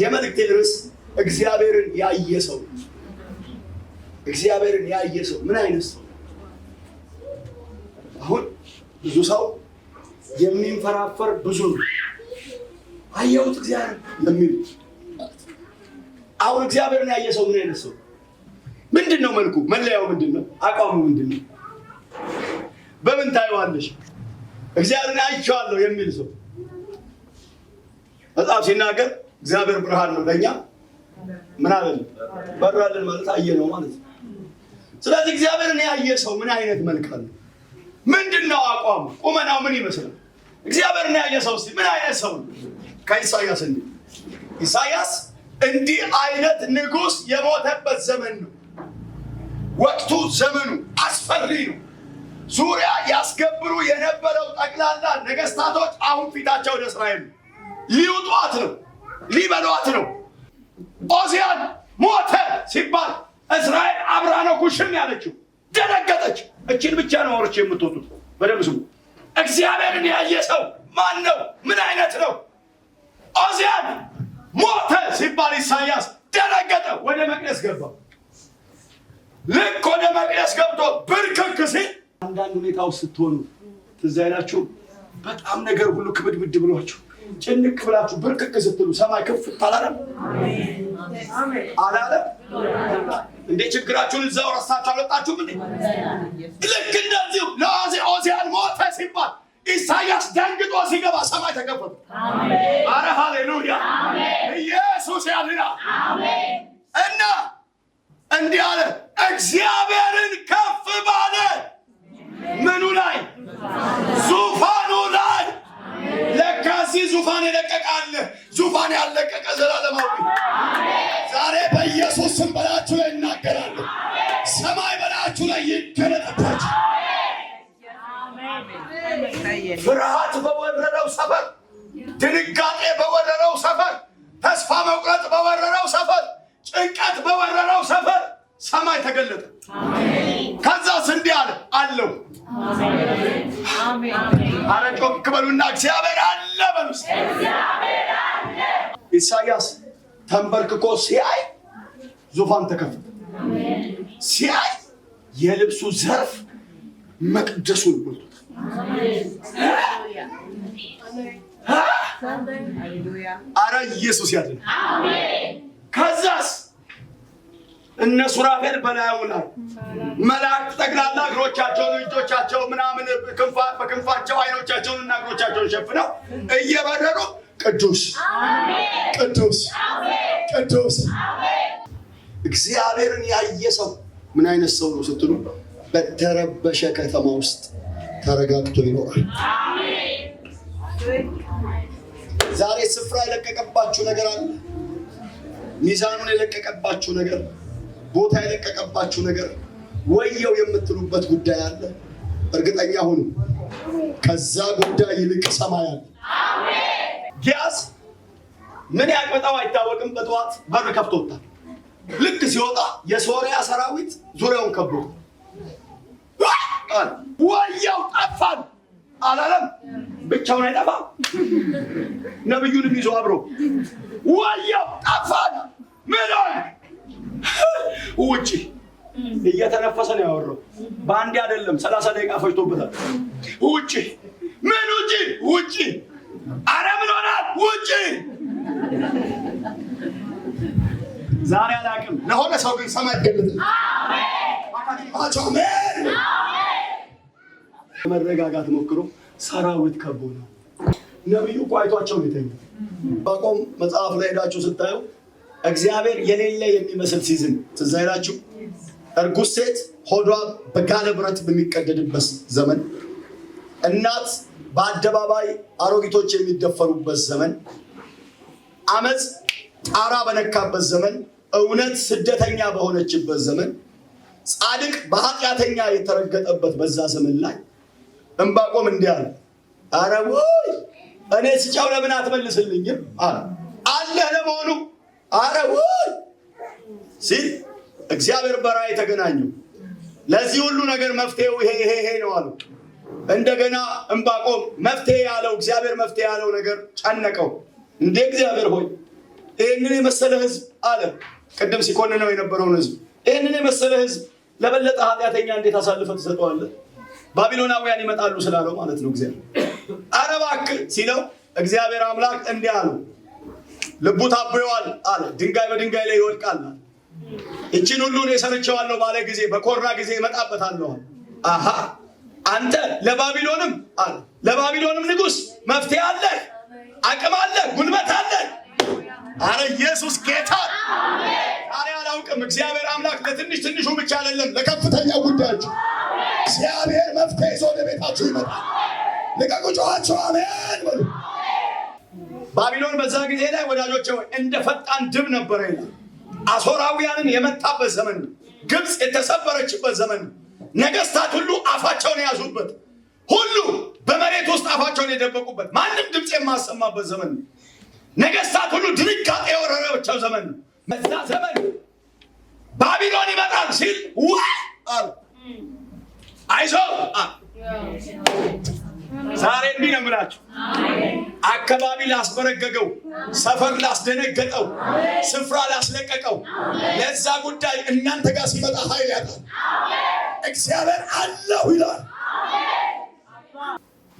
የመልእክቴ ርዕስ እግዚአብሔርን ያየ ሰው። እግዚአብሔርን ያየ ሰው ምን አይነት ሰው? አሁን ብዙ ሰው የሚንፈራፈር ብዙ ነው። አየሁት እግዚአብሔር የሚል አሁን እግዚአብሔርን ያየ ሰው ምን አይነት ሰው? ምንድን ነው መልኩ? መለያው ምንድን ነው? አቋሙ ምንድን ነው? በምን ታየዋለሽ? እግዚአብሔርን አይቼዋለሁ የሚል ሰው መጽሐፍ ሲናገር እግዚአብሔር ብርሃን ነው ለእኛ ምን አለን በራለን ማለት አየ ነው ማለት ነው። ስለዚህ እግዚአብሔርን ያየ ሰው ምን አይነት መልክ አለው? ምንድን ነው አቋሙ? ቁመናው ምን ይመስላል? እግዚአብሔርን ያየ ሰው እስኪ ምን አይነት ሰው ነው? ከኢሳያስ እንዲህ ኢሳያስ እንዲህ አይነት ንጉስ የሞተበት ዘመን ነው። ወቅቱ ዘመኑ አስፈሪ ነው። ዙሪያ ያስገብሩ የነበረው ጠቅላላ ነገስታቶች አሁን ፊታቸው ወደ እስራኤል ሊውጧት ነው። ሊበሏት ነው። ኦዚያን ሞተ ሲባል እስራኤል አብራ ነው ኩሽም ያለችው፣ ደነገጠች። እችን ብቻ ነው ወርች የምትወጡት። በደምብ ስሙ። እግዚአብሔርን ያየ ሰው ማን ነው? ምን አይነት ነው? ኦዚያን ሞተ ሲባል ኢሳያስ ደነገጠ፣ ወደ መቅደስ ገባ። ልክ ወደ መቅደስ ገብቶ ብርክክ ሲል አንዳንድ ሁኔታ ውስጥ ስትሆኑ ትዝ አይላችሁም? በጣም ነገር ሁሉ ክብድብድ ብሏችሁ ጭንቅ ብላችሁ ብርቅቅ ስትሉ ሰማይ ክፍት አላለም አላለም እንዴ? ችግራችሁን እዛው ረሳችሁ አልወጣችሁም እንዴ? ልክ እንደዚሁ ለኦዜ ሞተ ሲባል ኢሳያስ ደንግጦ ሲገባ ሰማይ ተከፈቱ። አረ ሃሌሉያ! ኢየሱስ ያድናል። ፍርሃት በወረረው ሰፈር፣ ድንጋጤ በወረረው ሰፈር፣ ተስፋ መቁረጥ በወረረው ሰፈር፣ ጭንቀት በወረረው ሰፈር ሰማይ ተገለጠ። ከዛ እንዲህ አለ አለው። አረ ጮክ በሉና እግዚአብሔር አለ በሉ። ኢሳያስ ተንበርክኮ ሲያይ ዙፋን ተከፈተ። ሲያይ የልብሱ ዘርፍ መቅደሱን ሞልቶ አረ ኢየሱስ ያድን። ከዛስ እነ ሱራፌል በላዩ ላይ መላእክት ጠቅላላ እግሮቻቸውን፣ እጆቻቸውን ምናምን በክንፋቸው አይኖቻቸውንና እግሮቻቸውን ሸፍነው እየበረሩ ቅዱስ ቅዱስ ቅዱስ እግዚአብሔርን ያየ ሰው ምን አይነት ሰው ነው ስትሉ በተረበሸ ከተማ ውስጥ ተረጋግቶ ይኖራል። ዛሬ ስፍራ የለቀቀባችሁ ነገር አለ። ሚዛኑን የለቀቀባችሁ ነገር፣ ቦታ የለቀቀባችሁ ነገር፣ ወየው የምትሉበት ጉዳይ አለ። እርግጠኛ ሁኑ፣ ከዛ ጉዳይ ይልቅ ሰማይ አለ። ጊያዝ ምን ያቅመጣው አይታወቅም። በጠዋት በር ከፍቶታል። ልክ ሲወጣ የሶሪያ ሰራዊት ዙሪያውን ከቦታል። አለ። ወያው ጠፋን አላለም። ብቻውን አይጠፋም። ነብዩንም ይዞ አብሮ ወያው ጠፋን ምን ውጭ እየተነፈሰ ነው ያወራው። በአንዴ አይደለም፣ ሰላሳ ደቂቃ ፈጅቶበታል። ውጭ ምን ውጭ ውጭ አረ ምን ሆናል? ውጭ ዛሬ አላውቅም። ለሆነ ሰው ግን ሰማይ ገልጥ ለመረጋጋት ሞክሮ ሰራዊት ከቦ ነው። ነቢዩ ቋይቷቸው የተኙ በቆም መጽሐፍ ላይ ሄዳችሁ ስታዩ እግዚአብሔር የሌለ የሚመስል ሲዝን ትዝ ይላችሁ። እርጉዝ ሴት ሆዷ በጋለ ብረት በሚቀደድበት ዘመን፣ እናት በአደባባይ አሮጊቶች የሚደፈሩበት ዘመን፣ አመፅ ጣራ በነካበት ዘመን፣ እውነት ስደተኛ በሆነችበት ዘመን፣ ጻድቅ በኃጢአተኛ የተረገጠበት በዛ ዘመን ላይ እንባቆም እንዲህ አለ፣ አረ ወይ እኔ ስጫው ለምን አትመልስልኝም አለ። አለህ ለመሆኑ አረ ወይ ሲል እግዚአብሔር በራእይ ተገናኙ። ለዚህ ሁሉ ነገር መፍትሄው ይሄ ይሄ ይሄ ነው አሉ። እንደገና እንባቆም መፍትሄ ያለው እግዚአብሔር መፍትሄ ያለው ነገር ጨነቀው። እንዴ እግዚአብሔር ሆይ ይህንን የመሰለ ህዝብ አለ። ቅድም ሲኮንነው የነበረውን ህዝብ ይህንን የመሰለ ህዝብ ለበለጠ ኃጢአተኛ እንዴት አሳልፈ ትሰጠዋለህ? ባቢሎናውያን ይመጣሉ ስላለው ማለት ነው። እግዚአብሔር ኧረ ሲለው እግዚአብሔር አምላክ እንዲህ አለው፣ ልቡ ታብዮአል አለ፣ ድንጋይ በድንጋይ ላይ ይወድቃል። እችን ሁሉ እኔ ሰርቼዋለሁ ባለ ጊዜ በኮራ ጊዜ ይመጣበታለሁ። አሃ አንተ ለባቢሎንም አለ ለባቢሎንም ንጉስ መፍትሄ አለ አቅም አለ ጉልበት አለ አረ ኢየሱስ ጌታ እኔ አላውቅም። እግዚአብሔር አምላክ ለትንሽ ትንሹ ብቻ አይደለም፣ ለከፍተኛ ጉዳያችሁ እግዚአብሔር መፍትሄ ይዞ ወደ ቤታችሁ ይመጣል። ልቀቁ፣ ጮኻችሁ አሜን በሉ። ባቢሎን በዛ ጊዜ ላይ ወዳጆች እንደ ፈጣን ድብ ነበረ። አሦራውያንን የመታበት ዘመን ነው። ግብፅ የተሰበረችበት ዘመን ነገስታት ሁሉ አፋቸውን የያዙበት፣ ሁሉ በመሬት ውስጥ አፋቸውን የደበቁበት፣ ማንም ድምፅ የማሰማበት ዘመን ነገስታት ሁሉ ድንጋጤ የወረረባቸው ዘመን ነው። በዛ ዘመን ባቢሎን ይመጣል ሲል አይዞ ዛሬ እንዲህ ነው የምላችሁ። አካባቢ ላስበረገገው፣ ሰፈር ላስደነገጠው፣ ስፍራ ላስለቀቀው ለዛ ጉዳይ እናንተ ጋር ሲመጣ ኃይል ያጣል። እግዚአብሔር አለሁ ይለዋል።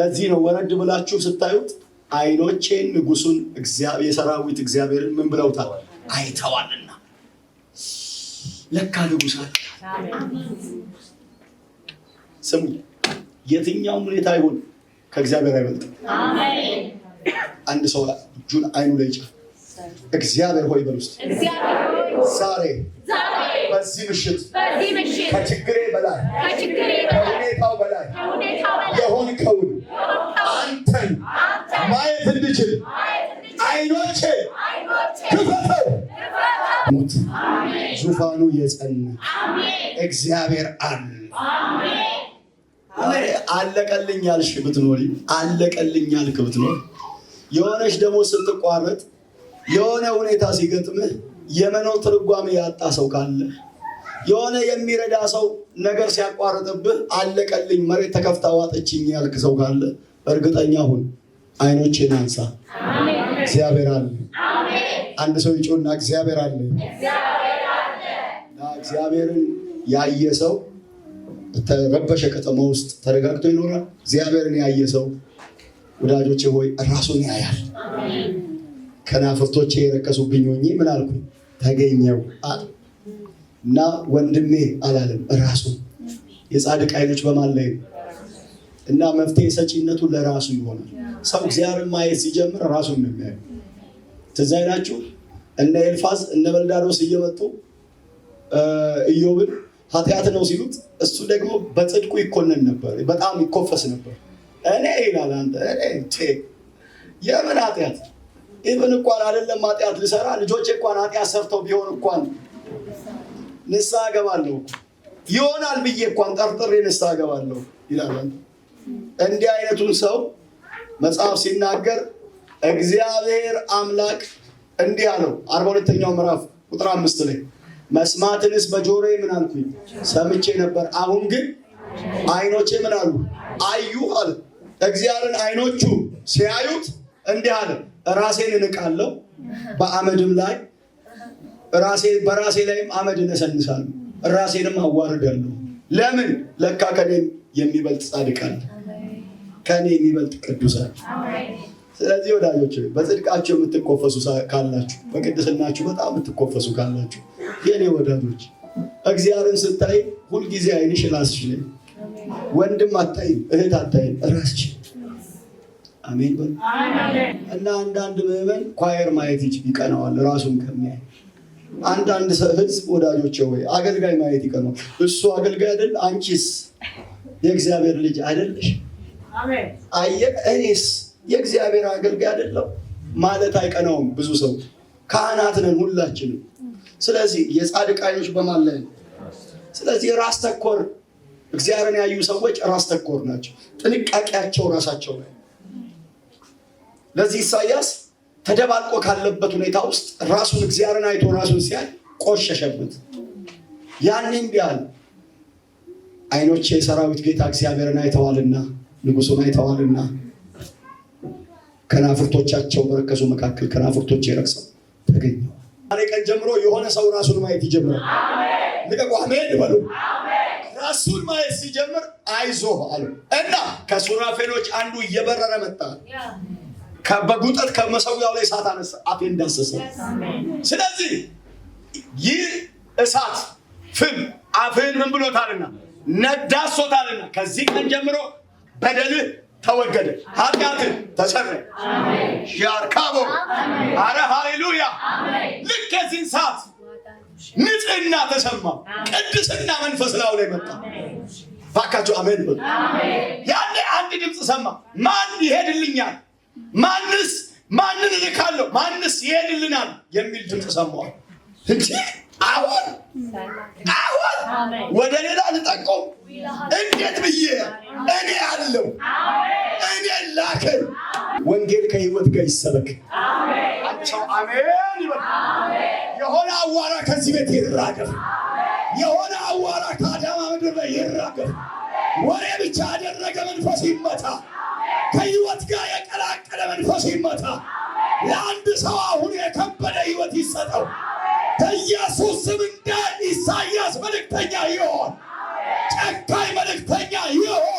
ለዚህ ነው ወረድ ብላችሁ ስታዩት አይኖቼን ንጉሱን የሰራዊት እግዚአብሔርን ምን ብለውታል? አይተዋልና ለካ ንጉሳ ስሙ። የትኛውም ሁኔታ ይሁን ከእግዚአብሔር አይበልጥም። አንድ ሰው እጁን አይኑ ላይ ጫፍ እግዚአብሔር ሆይ በል ዛሬ በዚህ ምሽት ከችግሬ በላይ ከሁኔታው በላይ የሆንከውን አንተን ማየት እንድችል አይኖቼ ክፈት ሞት ዙፋኑ የጸና እግዚአብሔር አለ። አለቀልኝ ያልሽ ብትኖሪ አለቀልኝ ያልክ ብትኖር የሆነች ደግሞ ስትቋረጥ የሆነ ሁኔታ ሲገጥምህ የመኖር ትርጓሜ ያጣ ሰው ካለ የሆነ የሚረዳ ሰው ነገር ሲያቋርጥብህ አለቀልኝ መሬት ተከፍታ ዋጠችኝ ያልክ ሰው ካለ እርግጠኛ ሁን፣ አይኖችን አንሳ፣ እግዚአብሔር አለ። አንድ ሰው ይጮና እግዚአብሔር አለ። እግዚአብሔርን ያየ ሰው ተረበሸ ከተማ ውስጥ ተረጋግቶ ይኖራል። እግዚአብሔርን ያየ ሰው ወዳጆቼ ሆይ ራሱን ያያል። ከናፍርቶቼ የረከሱብኝ ሆኜ ምን አልኩ ተገኘው እና ወንድሜ አላለም። ራሱ የጻድቅ አይኖች በማን ላይ ነው? እና መፍትሄ ሰጪነቱ ለራሱ ይሆናል። ሰው እግዚአብሔርን ማየት ሲጀምር ራሱን ነው የሚያየው። ትዝ አይላችሁ እነ ኤልፋዝ እነ በልዳዶስ እየመጡ ኢዮብን ኃጢአት ነው ሲሉት እሱ ደግሞ በጽድቁ ይኮነን ነበር፣ በጣም ይኮፈስ ነበር። እኔ ይላል አንተ የምን ኃጢአት ኢብን እንኳን አይደለም ኃጢአት ልሰራ ልጆች እንኳን ኃጢአት ሰርተው ቢሆን እንኳን ንስሐ እገባለሁ ይሆናል ብዬ እንኳን ጠርጥሬ ንስሐ እገባለሁ ይላል። እንዲህ አይነቱን ሰው መጽሐፍ ሲናገር እግዚአብሔር አምላክ እንዲህ አለው። አርባ ሁለተኛው ምዕራፍ ቁጥር አምስት ላይ መስማትንስ በጆሮዬ ምን አልኩኝ ሰምቼ ነበር፣ አሁን ግን አይኖቼ ምን አሉ አዩ አለ። እግዚአብሔርን አይኖቹ ሲያዩት እንዲህ አለ፣ ራሴን እንቃለሁ በአመድም ላይ ራሴ በራሴ ላይም አመድ እነሰንሳለሁ፣ ራሴንም አዋርዳለሁ። ለምን ለካ ከኔም የሚበልጥ ጻድቃል ከኔ የሚበልጥ ቅዱሳል ስለዚህ ወዳጆች በጽድቃቸው የምትኮፈሱ ካላችሁ፣ በቅድስናችሁ በጣም የምትኮፈሱ ካላችሁ የኔ ወዳጆች እግዚአብሔርን ስታይ ሁልጊዜ አይንሽ ራስሽ ላይ ወንድም አታይም፣ እህት አታይም፣ ራስሽ አሜን በል እና አንዳንድ ምዕመን ኳየር ማየት ይቀነዋል ራሱን ከሚያይ አንዳንድ ህዝብ ወዳጆች ወይ አገልጋይ ማየት ይቀነዋል። እሱ አገልጋይ አይደል? አንቺስ የእግዚአብሔር ልጅ አይደለሽ? አየ እኔስ የእግዚአብሔር አገልጋይ አይደለም ማለት አይቀናውም። ብዙ ሰው ካህናት ነን ሁላችንም። ስለዚህ የጻድቅ አይኖች በማን ላይ ነው? ስለዚህ ራስ ተኮር እግዚአብሔርን ያዩ ሰዎች ራስ ተኮር ናቸው። ጥንቃቄያቸው ራሳቸው ላይ። ለዚህ ኢሳያስ ተደባልቆ ካለበት ሁኔታ ውስጥ ራሱን እግዚአብሔርን አይቶ ራሱን ሲያይ ቆሸሸበት። ያኔም ቢያል አይኖቼ የሰራዊት ጌታ እግዚአብሔርን አይተዋልና ንጉሱን አይተዋልና ከናፍርቶቻቸው መረከዙ መካከል ከናፍርቶች የረክሰው ተገኘው። ዛሬ ቀን ጀምሮ የሆነ ሰው ራሱን ማየት ይጀምራል። ልቀቁ አሜን በሉ። ራሱን ማየት ሲጀምር አይዞ አሉ እና ከሱራፌሎች አንዱ እየበረረ መጣ። በጉጠት ከመሰዊያው ላይ እሳት አነሳ፣ አፌ እንዳሰሰ። ስለዚህ ይህ እሳት ፍም አፍህን ምን ብሎታልና ነዳሶታልና ከዚህ ቀን ጀምሮ በደልህ ተወገደ፣ ኃጢአትን ተሰረ። ያርካቦ አረ ሃሌሉያ! ልክ የዚህን ሰዓት ንጽህና ተሰማ፣ ቅድስና መንፈስ ላው ላይ መጣ። ባካቸው አሜን በሉ። ያኔ አንድ ድምፅ ሰማ። ማን ይሄድልኛል? ማንስ ማንን እልካለሁ? ማንስ ይሄድልናል? የሚል ድምፅ ሰማዋል እንዲህ አሁን አሁን ወደ ሌላ ልጠቆም እንዴት ብዬ እኔ አለው እኔ ላከኝ። ወንጌል ከህይወት ጋር ይሰበክ። አሜን። የሆነ አዋራ ከዚህ ቤት ይራገፍ። የሆነ አዋራ ከአዳማ ምድር ላይ ይራገፍ። ወሬ ብቻ ያደረገ መንፈስ ይመታ። ከህይወት ጋር የቀላቀለ መንፈስ ይመታ። ለአንድ ሰው አሁን የከበደ ህይወት ይሰጠው። በኢየሱስ ስም እንደ ኢሳያስ መልእክተኛ ይሆን ጨካኝ መልእክተኛ ይሆን